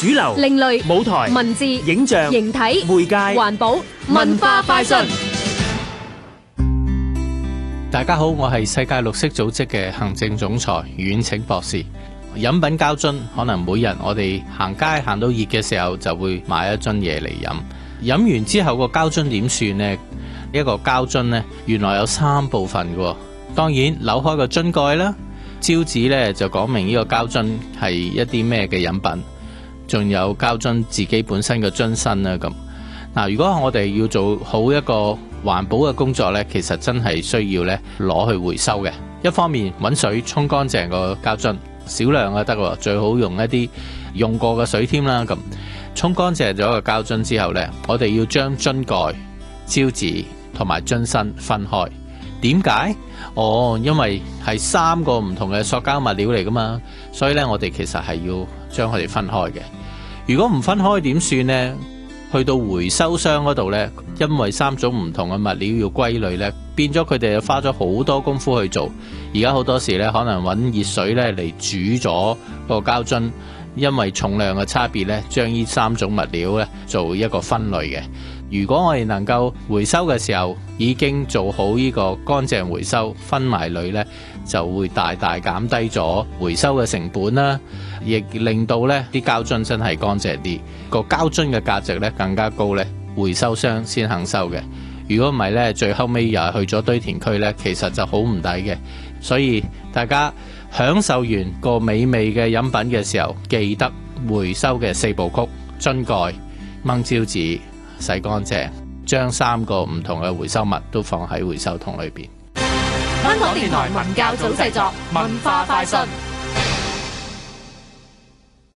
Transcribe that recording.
主流、另類舞台、文字、影像、形體、媒介、環保、文化快訊。大家好，我係世界綠色組織嘅行政總裁遠騁博士。飲品膠樽，可能每日我哋行街行到熱嘅時候，就會買一樽嘢嚟飲。飲完之後個膠樽點算呢？一個膠樽呢，原來有三部分嘅。當然扭開個樽蓋啦，招紙呢就講明呢個膠樽係一啲咩嘅飲品。仲有膠樽自己本身嘅樽身啦咁，嗱，如果我哋要做好一個環保嘅工作呢，其實真係需要呢攞去回收嘅。一方面揾水沖乾淨個膠樽，少量就得喎，最好用一啲用過嘅水添啦咁。沖乾淨咗個膠樽之後呢，我哋要將樽蓋、膠紙同埋樽身分開。點解？哦，因為係三個唔同嘅塑膠物料嚟㗎嘛，所以呢我哋其實係要將佢哋分開嘅。如果唔分開點算呢？去到回收箱嗰度呢，因為三種唔同嘅物料要歸類呢，變咗佢哋花咗好多功夫去做。而家好多時呢，可能揾熱水呢嚟煮咗個膠樽。因為重量嘅差別呢，將呢三種物料呢做一個分類嘅。如果我哋能夠回收嘅時候已經做好呢個乾淨回收分埋類呢，就會大大減低咗回收嘅成本啦，亦令到呢啲膠樽真係乾淨啲，個膠樽嘅價值呢更加高呢，回收商先肯收嘅。如果唔係呢，最後尾又係去咗堆填區呢，其實就好唔抵嘅。所以大家，享受完個美味嘅飲品嘅時候，記得回收嘅四部曲：樽蓋、掹膠紙、洗乾淨，將三個唔同嘅回收物都放喺回收桶裏邊。香港電台文教組製作，文化快訊。